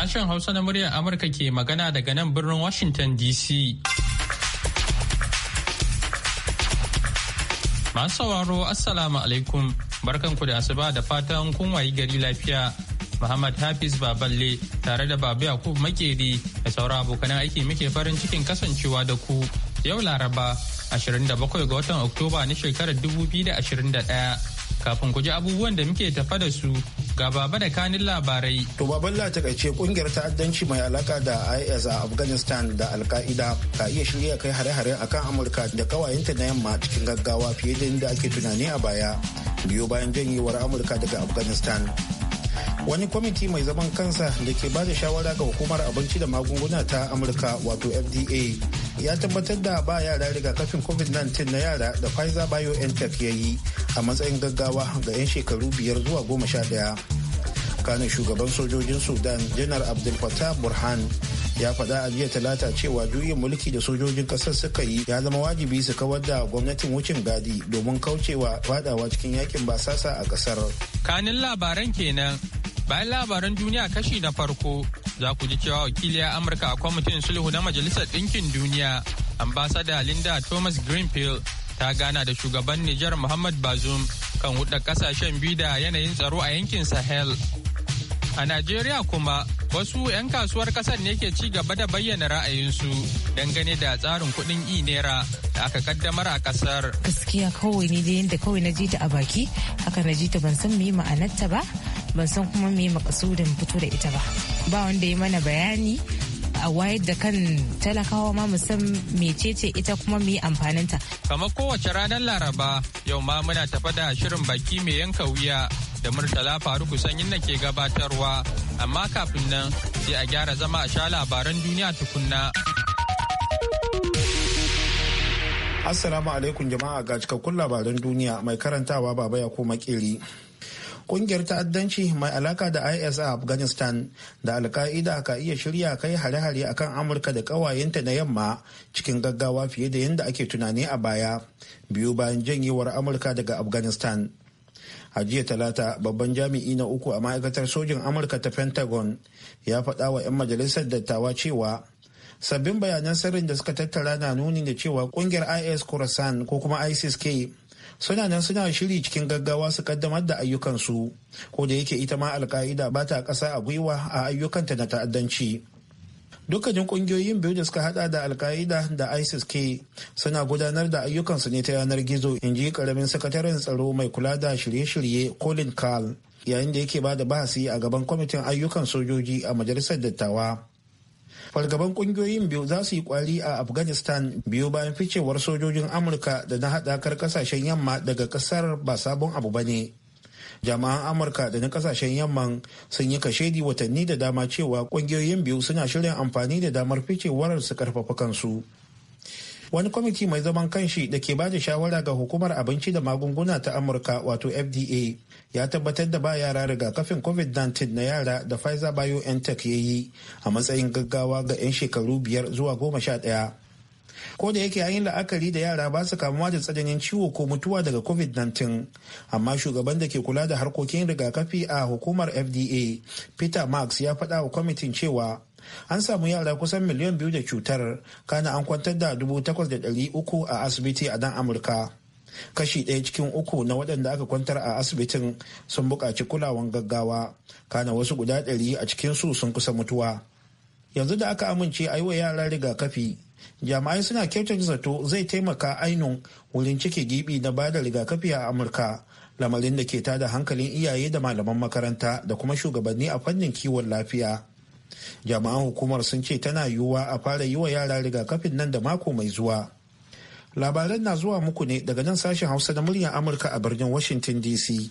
Sashen Hausa na muryar Amurka ke magana daga nan birnin Washington DC. Masu sauraro Assalamu alaikum barkanku da asuba da fatan kun wayi gari lafiya. Muhammad Hafiz Baballe tare da Babu Yakub Makeri da sauran abokan aiki muke farin cikin kasancewa da ku yau Laraba 27 ga watan Oktoba na shekarar 2021. kafin ku ji abubuwan da muke tafa da su ga baba da kanin labarai. To baballa takaice kungiyar ta'addanci mai alaka da IS a Afghanistan da al ka iya shirya kai hare-hare akan Amurka da kawayenta na yamma cikin gaggawa fiye da inda ake tunani a baya. Biyo bayan janyewar Amurka daga Afghanistan. Wani kwamiti mai zaman kansa da ke ba da shawara ga hukumar abinci da magunguna ta Amurka wato FDA ya tabbatar da ba yara rigakafin covid-19 na yara da pfizer biontech ya yi a matsayin gaggawa ga 'yan shekaru biyar zuwa goma sha daya kanin shugaban sojojin sudan janar abdul fattah burhan ya faɗa a jiya talata cewa juyin mulki da sojojin ƙasar suka yi ya zama wajibi su kawar da gwamnatin wucin gadi domin kaucewa fadawa cikin yakin basasa a ƙasar kanin labaran kenan Bayan labaran duniya kashi na farko, za ku ji cewa wakiliya Amurka a kwamitin sulhu na Majalisar Ɗinkin Duniya, ambasada Linda Thomas Greenfield ta gana da shugaban Nijar Muhammad Bazoum kan hudda kasashen biyu da yanayin tsaro a yankin Sahel. A Najeriya kuma wasu 'yan kasuwar kasar ne ke ci gaba da bayyana ra'ayinsu dangane da tsarin kuɗin e naira da aka kaddamar a kasar. Gaskiya kawai ne da yadda kawai na ji ta a baki, haka na ji ta ban san yi ma'anarta ba. ban san kuma me makasudin fito da ita ba ba wanda ya mana bayani a wayar da kan talakawa ma musam mecece ita kuma mu yi amfaninta. Kamar kowace ranar Laraba yau ma muna tafa da shirin baki mai yanka wuya da Murtala Faruku kusan yin ke gabatarwa amma kafin nan sai a gyara zama a sha labaran duniya tukunna. Assalamu alaikum jama'a ga cikakkun labaran duniya mai karantawa baba ya koma kiri. kungiyar ta'addanci mai alaka da is a afghanistan da alka'ida ka iya shirya kai hare-hare akan amurka da ƙawayenta na yamma cikin gaggawa fiye da yadda ake tunani a baya biyu bayan janyewar amurka daga afghanistan a jiya talata babban jami'i na uku a ma'aikatar sojin amurka ta pentagon ya faɗa wa 'yan majalisar dattawa cewa sabbin bayanan sirrin da suka tattara na nuni da cewa kungiyar is khorasan ko kuma isis k suna nan suna shiri cikin gaggawa su kaddamar da ayyukansu ko da yake ita ma alka'ida ba ta ƙasa a gwiwa a ayyukanta na ta'addanci dukkanin kungiyoyin biyu da suka hada da alka'ida da isis ke suna gudanar da ayyukansu ne ta yanar gizo in ji karamin sakataren tsaro mai kula da shirye-shirye colin carl yayin da yake ba da bahasi a gaban kwamitin ayyukan sojoji a majalisar dattawa fargaban kungiyoyin biyu za su yi kwari a afghanistan biyu bayan ficewar sojojin amurka da na hadakar kasashen yamma daga ƙasar ba sabon abu ba ne jama'an amurka da na kasashen yamma sun yi kashedi watanni da dama cewa kungiyoyin biyu suna shirin amfani da damar ficewar su karfafa kansu wani kwamiti mai zaman kanshi da ke bada shawara ga hukumar abinci da magunguna ta amurka wato fda ya tabbatar da ba yara rigakafin covid-19 na yara da pfizer biontech ya yi a matsayin gaggawa ga 'yan shekaru biyar zuwa goma sha ɗaya ko da yake yayin la'akari da yara ba su kamuwa da tsananin ciwo ko mutuwa daga covid-19 amma shugaban da ke kula da harkokin rigakafi a hukumar fda peter marks ya faɗa wa kwamitin cewa an samu yara kusan miliyan biyu da cutar kana an kwantar da dubu takwas da ɗari uku a asibiti a dan amurka kashi ɗaya cikin uku na waɗanda aka kwantar a asibitin sun buƙaci kulawan gaggawa kana wasu guda ɗari a cikin su sun kusa mutuwa yanzu da aka amince a yi wa yara rigakafi jami'ai suna kyautata zato zai taimaka ainun wurin cike gibi na bada rigakafi a amurka lamarin da ke tada hankalin iyaye da malaman makaranta da kuma shugabanni a fannin kiwon lafiya jami'an hukumar sun ce tana yiwuwa a fara yi wa yara rigakafin nan da mako mai zuwa labaran na zuwa muku ne daga nan sashen hausa da muryar amurka a birnin washington dc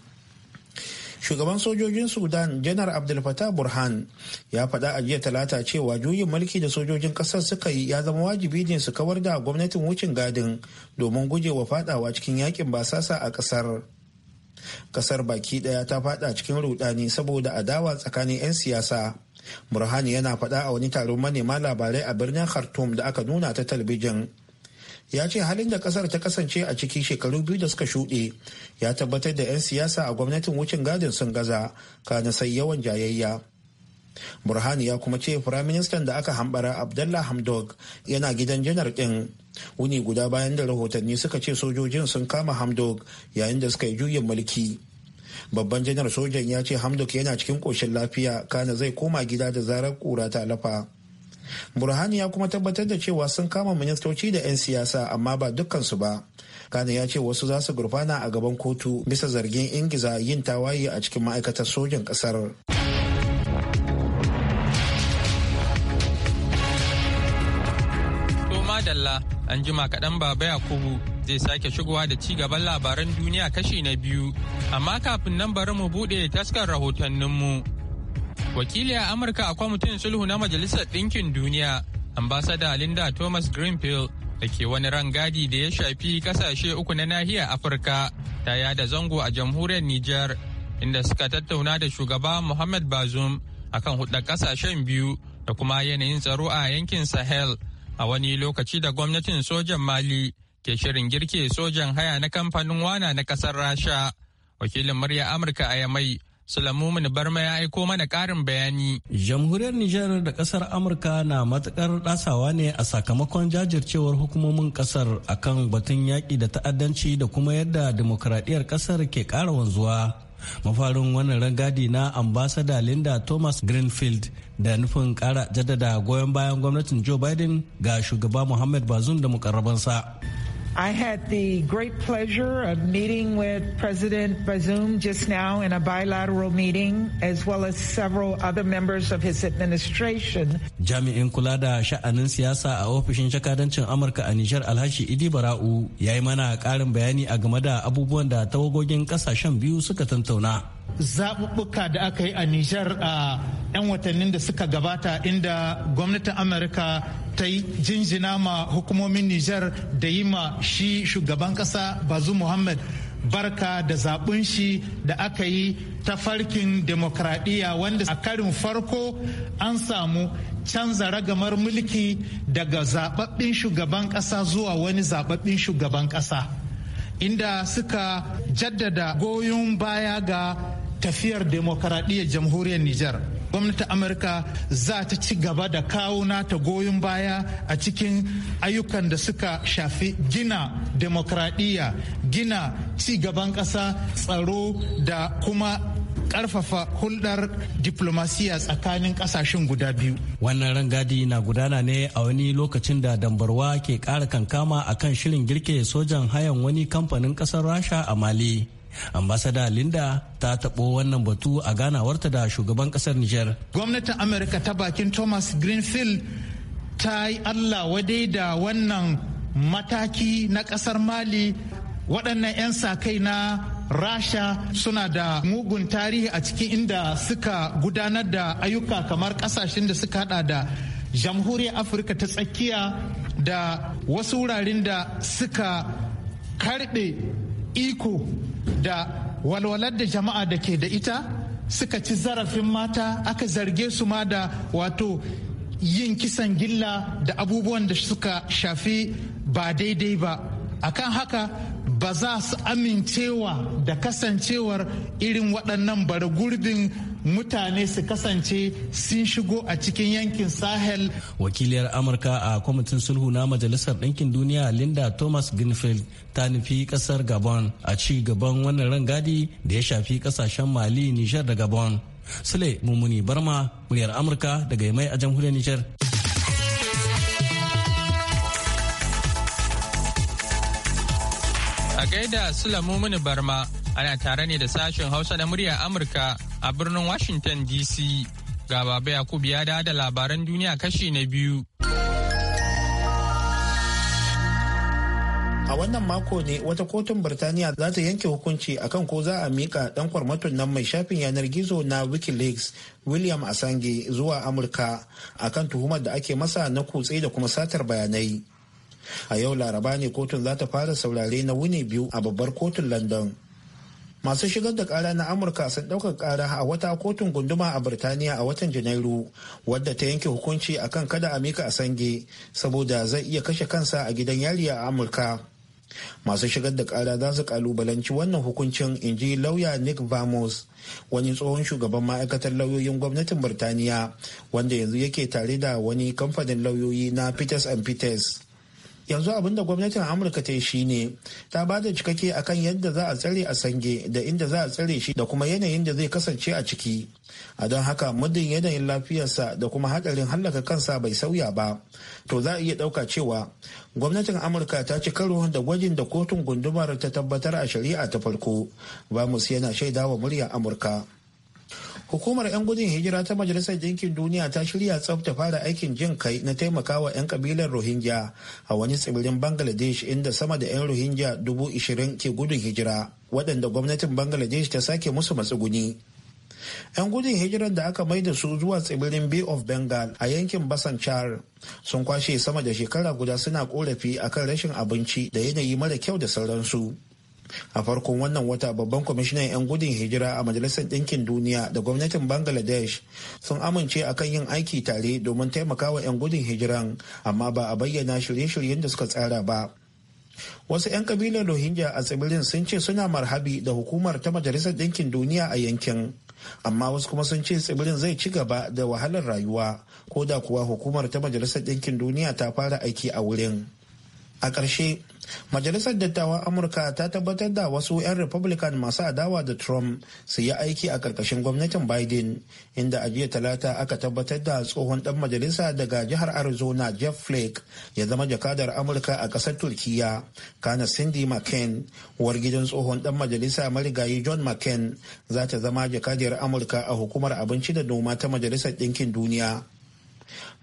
shugaban sojojin sudan janar AbdulFatah burhan ya faɗa a jiya talata cewa juyin mulki da sojojin ƙasar suka yi ya zama wajibi ne su kawar da gwamnatin wucin gadin domin guje wa fadawa cikin yakin basasa a ƙasar ƙasar baki ɗaya ta fada cikin rudani saboda adawa tsakanin 'yan siyasa burhani yana faɗa a wani taron manema labarai a birnin khartoum da aka nuna ta talbijin. ya ce halin da ƙasar ta kasance a ciki shekaru biyu da suka shuɗe ya tabbatar da 'yan siyasa a gwamnatin wucin gadin sun gaza kana sai yawan jayayya burhani ya kuma ce firaministan da aka hambara abdallah hamdog yana gidan janar ɗin wuni guda bayan da rahotanni suka ce sojojin sun kama hamdog yayin da suka yi juyin mulki babban janar sojan ya ce Hamduk yana cikin koshin lafiya kana zai koma gida da zarar kura ta lafa burhani ya kuma tabbatar da cewa sun kama ministoci da 'yan siyasa amma ba dukkansu ba kana ya ce wasu za su gurfana a gaban kotu bisa zargin ingiza yin tawaye a cikin ma'aikatar sojan ƙasar. Anjima an kaɗan baba yakubu zai sake shigowa da ci gaban labaran duniya kashi na biyu, amma kafin nan bari mu buɗe taskar rahotanninmu. a Amurka a kwamitin sulhu na Majalisar Ɗinkin Duniya, ambasada Linda Thomas Greenfield da ke wani rangadi da ya shafi kasashe uku na nahiyar Afirka ta yada zango a jamhuriyar Nijar, inda suka tattauna da shugaba Muhammad Bazoum akan hudda kasashen biyu da kuma yanayin tsaro a yankin Sahel. a wani lokaci da gwamnatin sojan Mali ke shirin girke sojan haya na kamfanin wana na kasar rasha wakilin murya amurka a yamai Sulamumin Barma ya aiko mana karin bayani. Jamhuriyar Nijar da kasar Amurka na matuƙar ɗasawa ne a sakamakon jajircewar hukumomin ƙasar akan batun yaƙi da ta'addanci da kuma yadda dimokuraɗiyar ƙasar ke ƙara wanzuwa. mafarin wannan rangadi na ambasada linda thomas greenfield da nufin kara jaddada goyon bayan gwamnatin joe biden ga shugaba muhammad bazoum da mukarrabansa I had the great pleasure of meeting with President Bazoum just now in a bilateral meeting, as well as several other members of his administration. Jami'in kula da sha'anin siyasa a ofishin jakadancin Amurka a Nijar Alhaji Idi Bara'u ya yi mana ƙarin bayani a game da abubuwan da tawagogin ƙasashen biyu suka tantauna. Zaɓuɓɓuka da aka yi a Nijar a 'yan watannin da suka gabata inda gwamnatin Amurka ta yi jinjina ma hukumomin Nijar da yi ma shi shugaban kasa Bazu Muhammad barka da zaɓin shi da aka yi ta farkin demokradiyya wanda a karin farko an samu canza ragamar mulki daga zaɓaɓɓen shugaban ƙasa zuwa wani zaɓaɓɓen shugaban ƙasa inda suka jaddada goyon baya ga tafiyar demokradiyyar jamhuriyar Nijar. gwamnatin amurka za ta ci gaba da kawo nata goyon baya a cikin ayyukan da suka shafi gina demokradiyya gina ci gaban ƙasa tsaro da kuma karfafa hulɗar diplomasiya tsakanin ƙasashen guda biyu. Wannan rangadi na gudana ne a wani lokacin da dambarwa ke ƙara kankama akan shirin girke sojan hayan wani kamfanin ƙasar Rasha a Mali. ambasada linda ta taɓo wannan batu a ganawarta da shugaban ƙasar niger gwamnatin amurka ta bakin thomas greenfield ta yi allah wadai da wannan mataki na ƙasar mali waɗannan 'yan sa-kai na rasha suna da mugun tarihi a cikin inda suka gudanar da ayyuka kamar ƙasashen da suka hada da jamhuriyar afirka ta tsakiya da wasu wuraren da suka karɓe iko da walwalar da jama'a da ke da ita suka ci zarafin mata aka zarge su ma da wato yin kisan gilla da abubuwan da suka shafi ba daidai ba akan haka ba za su amincewa da kasancewar irin waɗannan bara gurbin mutane su kasance sun shigo a cikin yankin sahel wakiliyar amurka a kwamitin sulhu na majalisar ɗinkin duniya linda thomas greenfield ta nufi ƙasar gabon a ci gaban wannan rangadi da ya shafi ƙasashen mali nijar da gabon sule mummuni barma muryar amurka daga mai a jamhuriyar nijar a gaida sule mummuni barma ana tare ne da sashen hausa da murya amurka a birnin washington dc ga baba yakub ya da da labaran duniya kashi na biyu a wannan mako ne wata kotun birtaniya za ta yanke hukunci akan ko za a mika dan kwarmaton nan mai shafin yanar gizo na wikileaks william asange zuwa amurka akan tuhumar da ake masa na kutse da kuma satar bayanai a yau laraba ne kotun za ta fara saurare na wuni biyu a babbar kotun london masu shigar da kara na amurka sun ɗaukar kara a wata kotun gunduma a birtaniya a watan janairu wadda ta yanke hukunci akan kada a mika a sange saboda zai iya kashe kansa a gidan yari a amurka masu shigar da kara za su kalubalanci wannan hukuncin in ji lauya nick vamos wani tsohon shugaban ma'aikatar lauyoyin gwamnatin birtaniya wanda yanzu yake tare da wani kamfanin lauyoyi na peters and peters yanzu abin da gwamnatin amurka ta yi shine ta ba da cikakke akan yadda za a tsare a sange da inda za a tsare shi da kuma yanayin da zai kasance a ciki a don haka muddin yanayin lafiyarsa da kuma hadarin hallaka kansa bai sauya ba to za a iya dauka cewa gwamnatin amurka ta ci karo da gwajin da kotun gundumar ta tabbatar a shari'a ta farko bamus yana shaidawa muryar amurka Hukumar 'yan gudun hijira ta Majalisar Dinkin Duniya ta shirya tsafta fara aikin jin kai na taimakawa 'yan kabilar Rohingya a wani tsibirin Bangladesh inda sama da 'yan Rohingya dubu ishirin ke gudun hijira waɗanda gwamnatin Bangladesh ta sake musu matsuguni. 'Yan gudun hijiran da aka maida su zuwa tsibirin Bay of Bengal a yankin basan char sun kwashe sama da shekara guda suna korafi akan rashin abinci da yanayi mara kyau da sauransu. a farkon wannan wata babban kwamishinan 'yan gudun hijira a majalisar ɗinkin duniya da gwamnatin bangladesh sun amince a kan yin aiki tare domin taimakawa 'yan gudun hijiran amma ba a bayyana shirye-shiryen da suka tsara ba wasu 'yan kabilar rohingya a tsibirin sun ce suna marhabi da hukumar ta majalisar ɗinkin duniya a yankin amma wasu kuma sun ce tsibirin zai ci gaba da wahalar rayuwa ko da kuwa hukumar ta majalisar ɗinkin duniya ta fara aiki a wurin. a ƙarshe majalisar dattawan amurka ta tabbatar da wasu 'yan republican masu adawa da trump su yi aiki a ƙarƙashin gwamnatin biden inda a jiya talata aka tabbatar da tsohon ɗan majalisa daga jihar arizona jeff flake ya zama jakadar amurka a ƙasar turkiya kana cindy mccain uwar gidan tsohon ɗan majalisa marigayi john mccain za ta zama jakadiyar amurka a hukumar abinci da noma ta majalisar ɗinkin duniya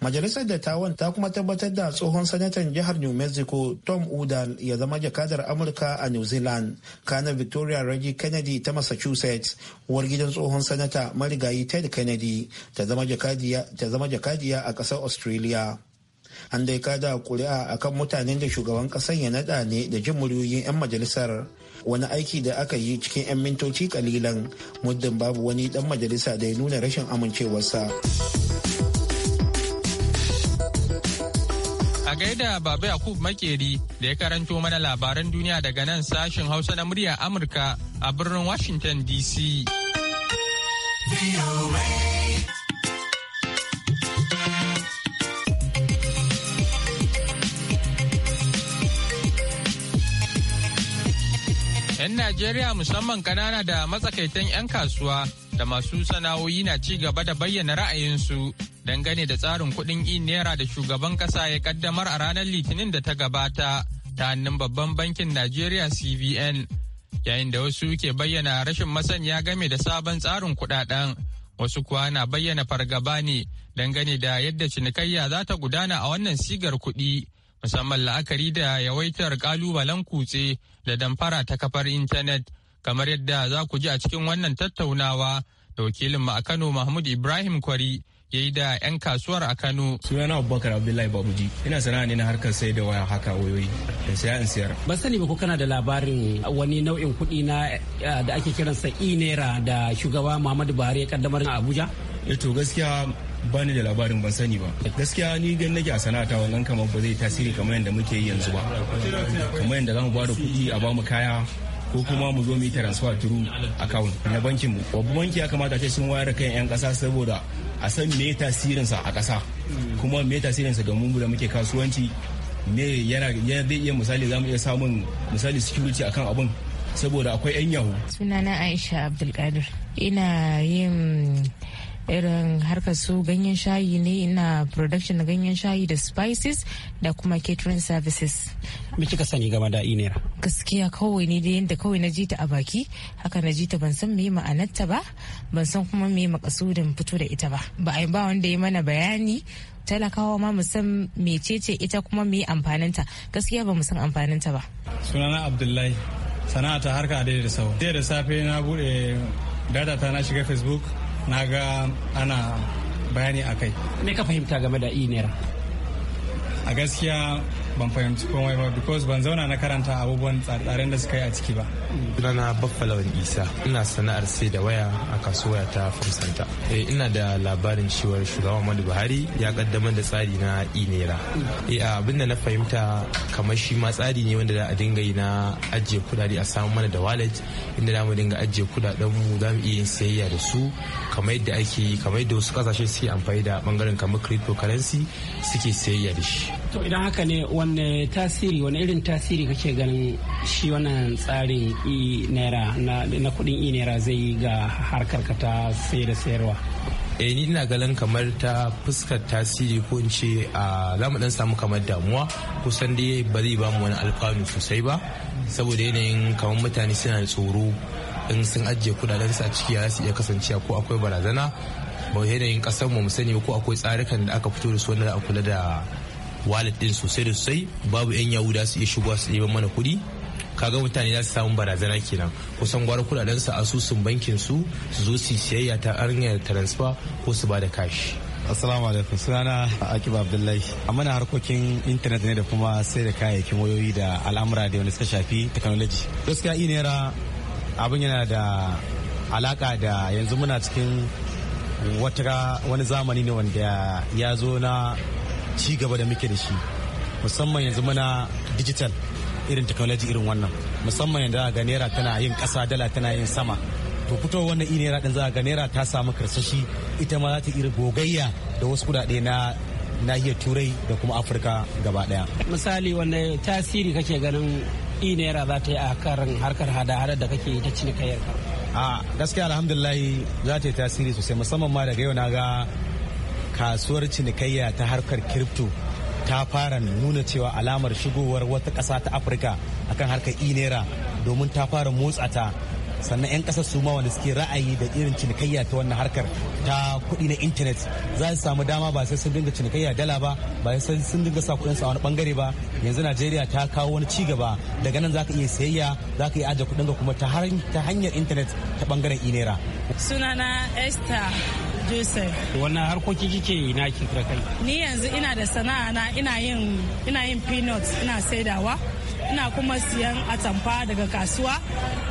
majalisar dattawan ta kuma tabbatar da tsohon sanatan jihar new mexico tom Udall ya zama jakadar amurka a new zealand kana victoria reggie kennedy ta massachusetts uwar gidan tsohon sanata marigayi ted kennedy ta zama jakadiya a ƙasar australia an dai ka kada kuri'a akan mutanen da shugaban ƙasar ya naɗa ne da jin muryoyin 'yan majalisar wani aiki da aka yi cikin 'yan mintoci kalilan muddin babu wani dan majalisa da ya nuna rashin amincewarsa. da Baba Yakub Makeri da ya karanto mana labaran duniya daga nan sashin Hausa na murya Amurka a birnin Washington DC. ‘Yan Najeriya musamman kanana da matsakaitan 'yan kasuwa da masu sana'o'i na ci gaba da bayyana ra'ayinsu dangane da tsarin kuɗin in naira da shugaban ƙasa ya kaddamar a ranar litinin da ta gabata ta hannun babban bankin najeriya cbn yayin da wasu ke bayyana rashin masaniya game da sabon tsarin kuɗaɗen wasu kuwa na bayyana fargaba ne dangane da yadda cinikayya za ta gudana a wannan sigar kuɗi musamman la'akari da yawaitar ƙalubalen kutse da damfara ta kafar intanet kamar yadda za ku ji a cikin wannan tattaunawa da wakilinmu a Kano Mahmud Ibrahim Kwari ya yi da 'yan kasuwar a Kano. Sunana Abubakar Abdullahi Babuji. Ina sana'a ne na harkar sai da waya haka wayoyi da saya in siyar. Ban sani ba ko kana da labarin wani nau'in kuɗi na eh, da ake kiransa e naira da shugaba Muhammadu Buhari ya kaddamar a Abuja? Eh to gaskiya ba ni da labarin ban sani ba gaskiya ni gan nake a sana'ata wannan kamar ba zai tasiri kamar yadda muke yi yanzu ba kamar yadda za mu ba da kuɗi a ba mu kaya ko kuma mu zo mu yi transfer through account na bankin mu babban banki ya kamata ce sun wayar kan yan kasa saboda a san me tasirinsa a kasa kuma me tasirinsa ga mu da muke kasuwanci ne yana zai iya misali zamu iya samun misali security akan abun saboda akwai yan yahu sunana aisha abdulkadir ina yin irin harkar su ganyen shayi ne ina production na ganyen shayi da spices da kuma catering services me kika sani game da inera gaskiya kawai ne da yadda kawai na jita a baki haka na ji ta ban san me ma'anarta ba ban san kuma me makasudin fito da ita ba ba a ba wanda ya mana bayani talakawa ma mu san mecece ita kuma amfanin amfaninta gaskiya ba mu san amfaninta ba sunana abdullahi sana'a ta harka daidai da sau da safe na bude data ta na shiga facebook na ga ana bayani a kai me ka fahimta game da e nera. a gaskiya ban fahimci komai ba because ban zauna na karanta abubuwan tsarin da suka yi a ciki ba sunana baffalawan isa ina sana'ar sai da waya a kasuwa ta fursanta eh ina da labarin cewar shugaban muhammadu buhari ya kaddamar da tsari na inera eh abinda na fahimta kamar shi ma tsari ne wanda za a dinga yi na ajiye kudade a samu mana da wallet inda za mu dinga ajiye kudaden mu za mu iya yin sayayya da su kamar yadda ake kamar yadda wasu kasashe suke amfani da bangaren kamar cryptocurrency suke sayayya da shi to idan haka ne wanne tasiri wani irin tasiri kake ganin shi wannan tsarin e naira na kudin e naira zai yi ga harkar ka ta sai da sayarwa eh ni ina ganin kamar ta fuskar tasiri ko in ce a za mu dan samu kamar damuwa kusan da ba zai ba mu wani alfanu sosai ba saboda yanayin kamar mutane suna tsoro in sun ajiye kudaden su a ciki ya su iya kasancewa ko akwai barazana ba yanayin kasar mu sani ko akwai tsarukan da aka fito da su wanda a kula da wallet din sosai da sosai babu yan yahuda su iya shigo su neman mana kuɗi kaga mutane za su samu barazana kenan kusan gwara kudaden su asusun bankin su su zo su siyayya ta hanyar transfer ko su ba da kashi Assalamu alaikum sunana Abdullahi. A mana harkokin intanet ne da kuma sai da kayayyakin wayoyi da al'amura da wani suka shafi technology. Gaskiya inera abin yana da alaka da yanzu muna cikin wata wani zamani ne wanda ya zo na ci gaba da muke da shi musamman yanzu muna digital irin technology irin wannan musamman yanzu ga naira tana yin ƙasa dala tana yin sama to fito wannan naira din za ga naira ta samu karsashi ita ma za ta iri gogayya da wasu kudade na nahiyar turai da kuma afirka gaba daya misali wanne tasiri kake ganin naira za ta yi a karin harkar hada-hadar da kake ta cinikayyar a gaskiya alhamdulillah za ta yi tasiri sosai musamman ma daga yau na ga kasuwar cinikayya ta harkar kirifto ta fara nuna cewa alamar shigowar wata ƙasa ta afirka akan harkar inera domin ta fara motsa ta sannan 'yan ƙasar su ma wanda suke ra'ayi da irin cinikayya ta wannan harkar ta kuɗi na intanet za su samu dama ba sai sun dinga cinikayya dala ba ba sai sun dinga sa kuɗinsu a wani bangare ba yanzu najeriya ta kawo wani ci gaba daga nan za ka iya sayayya za ka iya ajiye kuɗin kuma ta hanyar intanet ta bangaren inera sunana esther Joseph. Wannan harkoki kike yi na ki da kai? Ni yanzu ina da sana'a na ina yin ina yin peanuts ina saidawa. ina kuma siyan atamfa daga kasuwa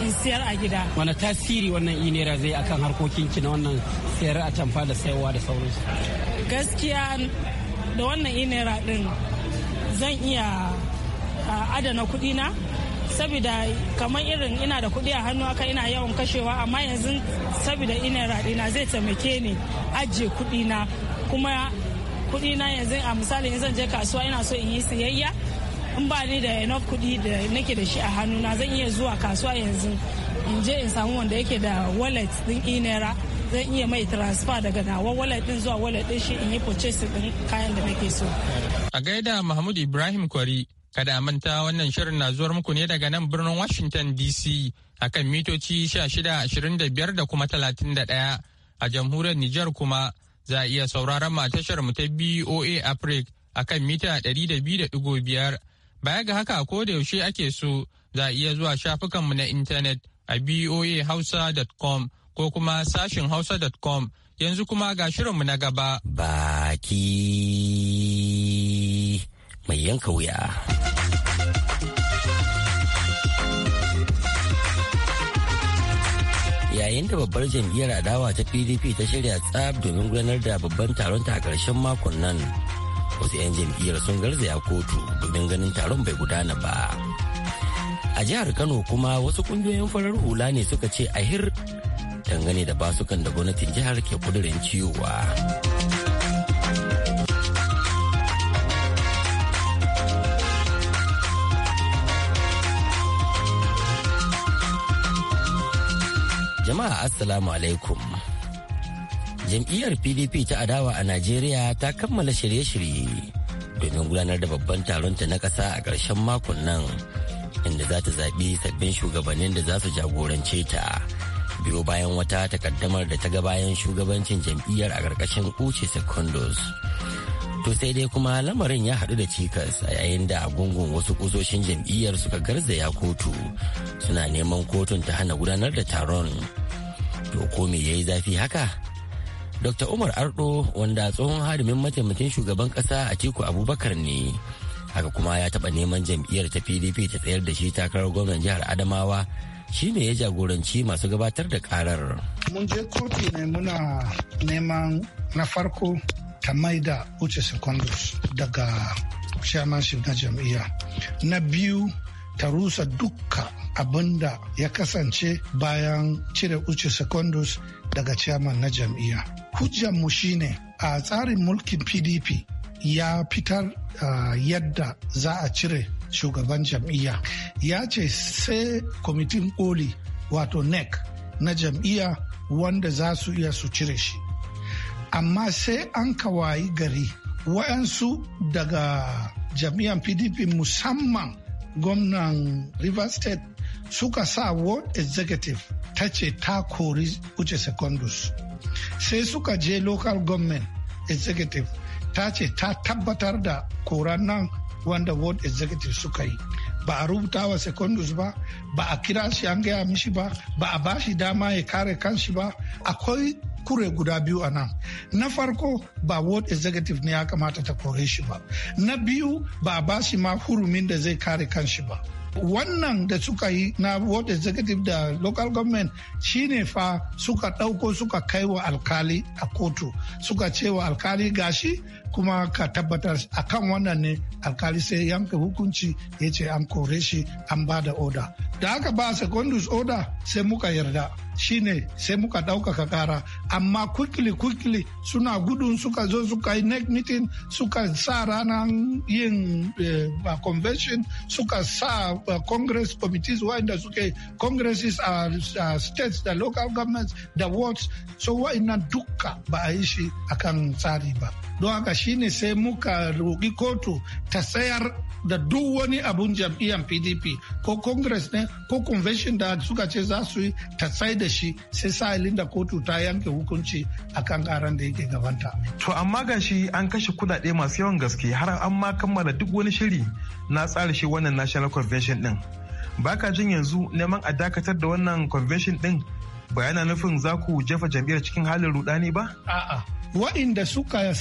in siyar a gida. Wani tasiri wannan inera zai akan harkokinki na wannan siyar atamfa da sayarwa da sauransu? Gaskiya da wannan inera din zan iya ah, adana kudina saboda kamar irin ina da kuɗi a hannu aka ina yawan kashewa amma yanzu saboda ina na zai taimake ni ajiye kuɗi na kuma kuɗi na yanzu a misali in zan je kasuwa ina so in yi siyayya in ba ni da enough kuɗi da nake da shi a hannu na zan iya zuwa kasuwa yanzu in je in samu wanda yake da wallet din inera zan iya mai transfer daga nawa wallet din zuwa wallet din shi in yi purchase din kayan da nake so. A gaida Mahmud Ibrahim Kwari Kada a manta wannan shirin na zuwar muku ne daga nan birnin Washington DC a kan mitoci 1625 da kuma 31 a jamhuriyar Nijar kuma za a iya sauraron mu a tashar mu ta BOA Africa a kan mita 200.5 baya ga haka ko da yaushe ake so za a iya zuwa shafukanmu na intanet a boahausa.com ko kuma sashin hausa.com yanzu kuma ga shirinmu na gaba. Baki mai yanka wuya. yayin da babbar jam'iyyar adawa ta pdp ta shirya tsab domin gudanar da babban taron ta a ƙarshen makon nan wasu 'yan jam'iyyar sun garzaya kotu domin ganin taron bai gudana ba a jihar kano kuma wasu kungiyoyin farar hula ne suka ce a hir dangane da basukan da gwamnatin jihar ke kudurin ciyowa. Jama'a Assalamu alaikum. Jam'iyyar PDP ta adawa a Najeriya ta kammala shirye-shirye domin gudanar da babban taronta na ƙasa a ƙarshen makon nan inda za ta zaɓi sabbin shugabannin da za su jagorance ta. Biyo bayan wata takaddamar da ta ga bayan shugabancin jam'iyyar a ƙarƙashin Uche Secondos. To sai dai kuma lamarin ya haɗu da cikas a yayin da gungun wasu kusoshin jam'iyyar suka garzaya kotu suna neman kotun ta hana gudanar da taron. To ko me yayi zafi haka? Dr. Umar Ardo wanda tsohon harimin mataimakin shugaban kasa a Tiku Abubakar ne. Haka kuma ya taɓa neman jam'iyyar ta PDP ta tsayar da shi takarar gwamnan jihar Adamawa shi ne ya jagoranci masu gabatar da karar. Mun je kotu ne muna neman na farko ta maida wuce secondus daga chairmanship na jam'iyya. Na biyu ta rusa dukka abin da ya kasance bayan cire uce secondus daga chairman na jam'iyya. Hujjanmu shine a tsarin mulkin PDP ya fitar uh, yadda za a cire shugaban jam'iyya. Ya ce sai kwamitin koli wato NEC na jam'iyya wanda za su iya su cire shi. Amma sai an kawayi gari Wayansu daga jam'iyyar PDP musamman gwamnan River State suka sa world executive ta ce ta kori wuce secondus sai suka je local government executive ta ce ta tabbatar da koran nan wanda world executive suka yi ba a rubuta wa secondus ba ba a kira shi an gaya mishi ba ba a bashi dama ya kare kanshi ba akwai kure guda biyu a nan na farko ba world executive ne ya kamata ta kore shi ba na biyu ba a bashi ma hurumin da zai kare kanshi ba wannan da suka yi na ward executive da local government shine fa suka ɗauko suka kai wa alkali a kotu suka ce wa alkali gashi kuma ka tabbatar a kan wannan ne alkali sai yanka hukunci ya ce an kore shi an ba da oda da aka ba secondus oda sai muka yarda shine sai muka ɗaukaka kara amma quickly quickly suna gudun suka zo suka yi neck meeting suka sa ranar yin uh, convention suka sa uh, congress committees wa'inda suke congresses a uh, states da local governments da wards so wa'innan dukka ba a yi shi akan tsari ba don haka shine sai muka roƙi kotu ta sayar da duk wani abun jam'iyyar pdp ko congress ne ko convention da suka ce za su yi ta tsaye da da shi sai sa da kotu ta yanke hukunci a kan karan da yake gabanta. To amma gashi an kashe kudade masu yawan gaske har an ma kammala duk wani shiri na tsara shi wannan National Convention din. Baka jin yanzu neman a dakatar da wannan convention din bayana nufin za ku jefa jam'iyyar cikin halin rudani ba? A'a. waɗanda suka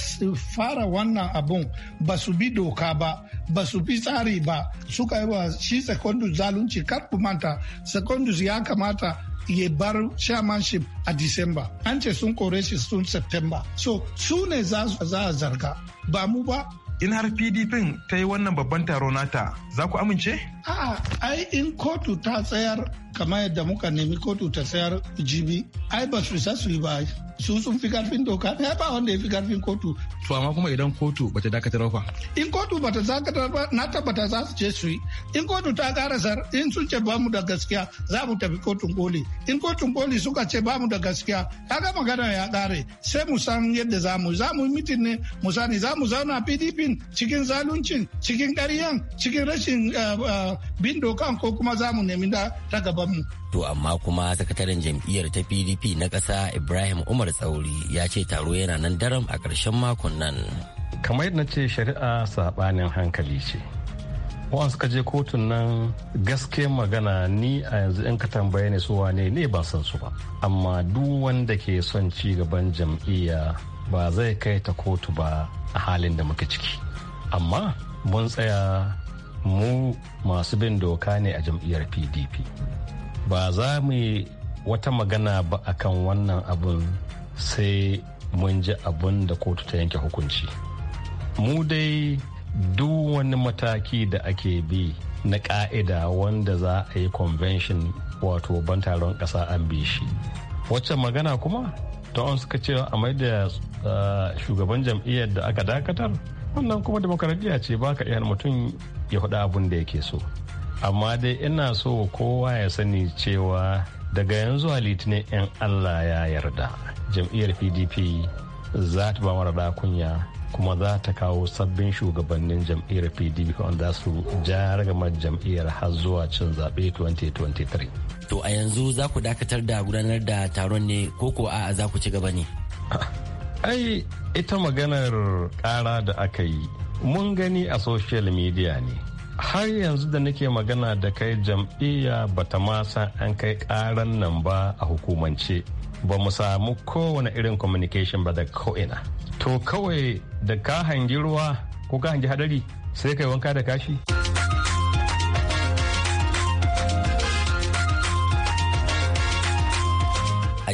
fara wannan abun ba su bi doka ba ba su bi tsari ba suka yi wa shi secondus zalunci kar ku manta secondus ya kamata ya bar chairmanship a December. An ce sun kore shi sun September. So su ne za a zarga ba mu ba. In har PDP ta yi wannan babban taro nata, za ku amince? A'a, ai in kotu ta tsayar kamar yadda muka nemi kotu ta sayar jibi ai ba su su yi ba su sun fi karfin doka ya ba wanda ya fi karfin kotu to amma kuma idan kotu bata dakatar ba in kotu bata dakatar ba na tabbata za su je su yi in kotu ta karasar in sun ce bamu da gaskiya za mu tafi kotun koli in kotun koli suka ce bamu da gaskiya ta kaga magana ya kare sai mu san yadda za mu za mu yi mitin ne mu sani za mu zauna pdp cikin zaluncin cikin ƙaryan cikin rashin eh, eh, bin dokan ko kuma za mu nemi da ta gaba mu. To amma kuma sakataren jam'iyyar ta PDP na ƙasa Ibrahim Umar Tsauri ya ce taro yana nan daram a ƙarshen makon nan. Kamar yadda ce shari'a saɓanin hankali ce. Wa'an suka je kotun nan gaske magana ni a yanzu in ka tambaye ni su wane ne ba san su ba. Amma duk wanda ke son ci gaban jam'iyya ba zai kai ta kotu ba a halin da muka ciki. Amma mun tsaya mu masu bin doka ne a jam'iyyar pdp ba za mu yi wata magana ba a kan wannan abun sai mun ji abun da kotu ta yanke hukunci mu dai duk wani mataki da ake bi na ka'ida wanda za a yi convention wato ban taron ƙasa an bi shi wacce magana kuma ta on suka cewa a mai da ah, shugaban jam'iyyar da aka dakatar wannan kuma demokaradiyya ce baka iya mutum ya faɗa abin da yake so amma dai ina so kowa ya sani cewa daga yanzu a litinin 'yan allah ya yarda jam'iyyar pdp za ta ba mara kunya kuma za ta kawo sabbin shugabannin jam'iyyar pdp wanda su ja ragamar jam'iyyar har zuwa cin zaɓe 2023 to a yanzu za ku dakatar da gudanar da taron ne ko ko a'a za ku ci gaba ne ai ita maganar ƙara da aka yi mun gani a social media ne har yanzu da nake magana da kai jam'iyya bata masa an kai karan nan ba a hukumance ba mu samu kowane irin communication ba da ko'ina to kawai da ka hangi ruwa ko ka hangi hadari sai kai wanka da kashi.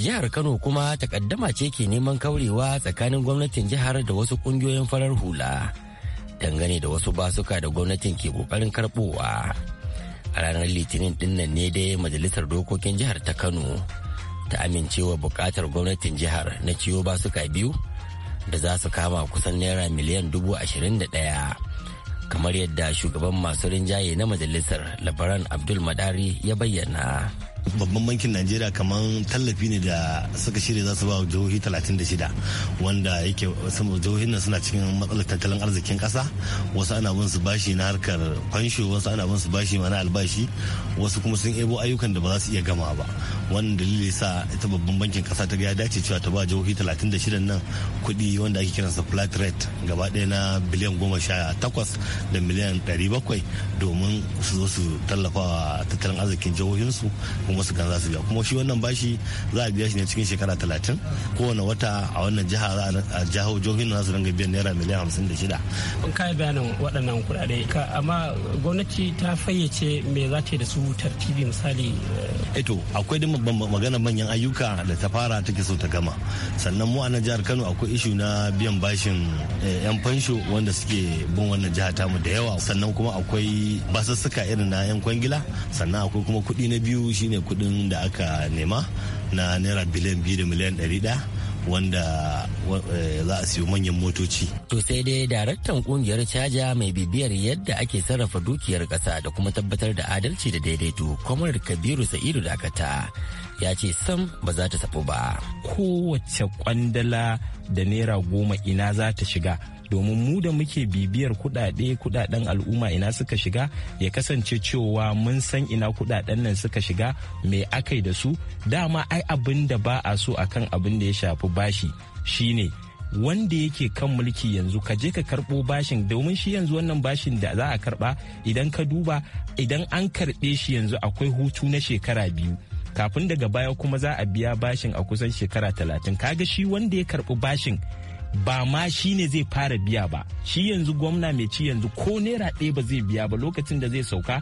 jihar kano kuma takaddama ce ke neman kaurewa tsakanin gwamnatin jihar da wasu kungiyoyin farar hula dangane da wasu basuka da gwamnatin ke kokarin karbowa a ranar litinin dinnan ne dai majalisar dokokin jihar ta kano ta amincewa bukatar gwamnatin jihar na ciwo basuka biyu da za su kama kusan naira miliyan dubu ashirin da ɗaya kamar yadda shugaban masu rinjaye na majalisar labaran abdul madari ya bayyana. babban bankin najeriya kamar tallafi ne da suka shirya za su ba jihohi 36 wanda yake jihohin nan suna cikin matsalar tattalin arzikin kasa wasu ana bin su bashi na harkar fansho wasu ana bin su bashi ma na albashi wasu kuma sun ebo ayyukan da ba za su iya gama ba wannan dalili sa ita babban bankin kasa ta ya dace cewa ta ba jihohi 36 nan kuɗi wanda ake kiran sa flat rate gaba ɗaya na biliyan goma sha takwas da miliyan 700 bakwai domin su zo su tallafa tattalin arzikin jihohinsu kuma su kan za su biya kuma shi wannan bashi za a biya shi ne cikin shekara talatin kowane wata a wannan jiha a jihar jihohin na su ringa biyan naira miliyan hamsin da shida. kun kai bayanin waɗannan kuɗaɗe amma gwamnati ta fayyace me za ta yi da su tartibi misali. Eh, eto akwai dama. magana manyan ayyuka da ta fara take so ta gama sannan mu a na jihar kano akwai ishu na biyan bashin eh, yan fansho wanda suke bin wannan jiha tamu da yawa sannan kuma akwai basussuka irin na yan kwangila sannan akwai kuma kuɗi na biyu shine kuɗin da aka nema na naira biliyan biyu da miliyan ɗari ɗaya wanda eh, za a siyo manyan motoci. To sai dai daraktan kungiyar caja mai bibiyar yadda ake sarrafa dukiyar ƙasa da kuma tabbatar da adalci da daidaito kwamar kabiru sa'idu dakata ya ce sam ba za ta sabu ba. Kowace kwandala da naira goma ina za ta shiga domin mu da muke bibiyar kudade kudaden al'umma ina suka shiga ya kasance cewa mun san ina kudaden nan suka shiga me akai da su dama ai abin da ba a so akan abin da ya shafi bashi shine wanda yake kan mulki yanzu ka je ka karbo bashin domin shi yanzu wannan bashin da za a karba idan ka duba idan an karbe shi yanzu akwai hutu na shekara biyu kafin daga baya kuma za a biya bashin a kusan shekara talatin kaga shi wanda ya karbi bashin ba ma shi ne zai fara biya ba shi yanzu gwamna mai ci yanzu ko naira ɗaya ba zai biya ba lokacin da zai sauka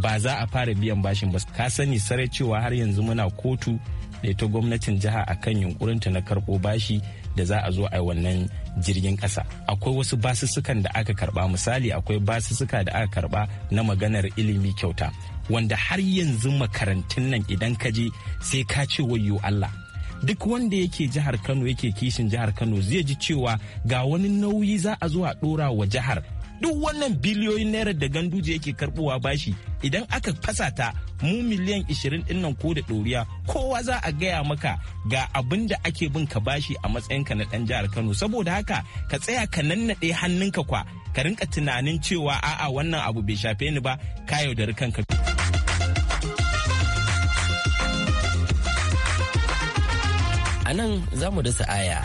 ba za a fara biyan bashin ba ka sani sarai cewa har yanzu muna kotu da ta gwamnatin jiha a akan yunkurinta na karɓo bashi da za a zo a yi wannan jirgin ƙasa akwai wasu basussukan da aka karɓa misali akwai basussuka da aka karɓa na maganar ilimi kyauta wanda har yanzu makarantun nan idan ka je sai ka ce wayo Allah duk wanda yake jihar kano yake kishin jihar kano zai ji cewa ga wani nauyi za a zo a dora wa jihar duk wannan biliyoyin naira da ganduje yake karbowa bashi idan aka fasa ta mu miliyan 20 din nan ko da doriya kowa za a gaya maka ga abin da ake bin ka bashi a matsayinka na dan jihar Kano saboda haka ka tsaya ka nannaɗe hannunka kwa ka rinka tunanin cewa a'a wannan abu bai shafe ni ba ka yaudari kanka. anan nan za mu dasa aya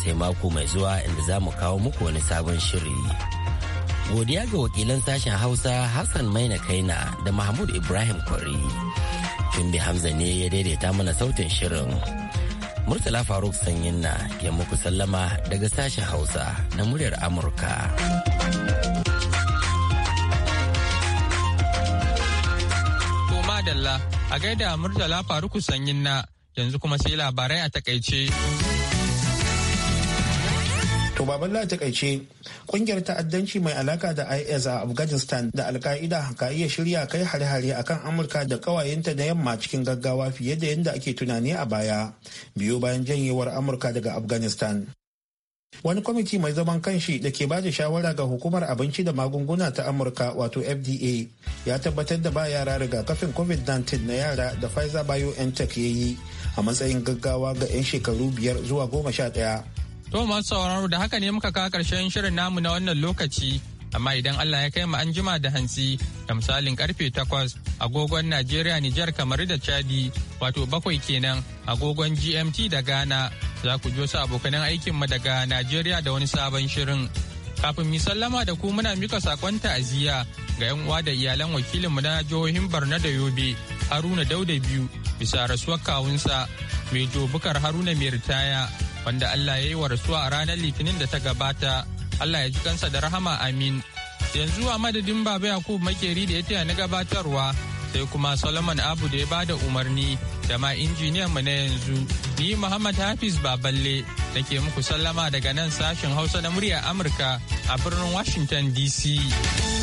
sai mako mai zuwa inda za mu kawo muku wani sabon shiri. Godiya ga wakilan sashen Hausa Hassan Maina Kaina da Mahmud Ibrahim Kwari. Tunde Hamza ne ya daidaita mana sautin shirin. Murtala Faruk Sanyin na ke muku sallama daga sashen Hausa na muryar Amurka. Madalla a gaida Murtala Faruk Sanyin na yanzu kuma sai labarai a takaice. To la takaice kungiyar ta'addanci mai alaka da IS a Afghanistan da Alka'ida ka iya shirya kai hare-hare akan Amurka da kawayenta na yamma cikin gaggawa fiye da yadda ake tunani a baya biyo bayan janyewar Amurka daga Afghanistan. Wani kwamiti mai zaman kanshi da ke bada shawara ga hukumar abinci da magunguna ta Amurka wato FDA ya tabbatar da ba yara rigakafin COVID-19 na yara da Pfizer BioNTech ya yi a matsayin gaggawa ga 'yan shekaru biyar zuwa goma sha ɗaya. To masu sauraro da haka ne muka kawo karshen shirin namu na wannan lokaci amma idan Allah ya kai mu an jima da hantsi da misalin karfe 8 agogon Najeriya Nijar kamar da Chadi wato bakwai kenan agogon GMT da Ghana za ku jo su abokanan aikin mu daga Najeriya da wani sabon shirin kafin mi sallama da ku muna mika sakon ta'aziyya ga yan uwa da iyalan wakilin mu na jihohin Barna da Yobe Haruna Dauda biyu bisa rasuwar kawunsa Mejo Bukar Haruna mai ritaya wanda Allah ya yi wa rasuwa a ranar Litinin da ta gabata Allah ya ji kansa da rahama amin. Yanzu a madadin Baba Yakubu Makeri da ya taya na gabatarwa sai kuma Solomon Abu da ya bada umarni da ma injiniyan mu na yanzu. Ni Muhammad Hafiz Baballe nake muku sallama daga nan sashen Hausa na murya Amurka a birnin Washington DC.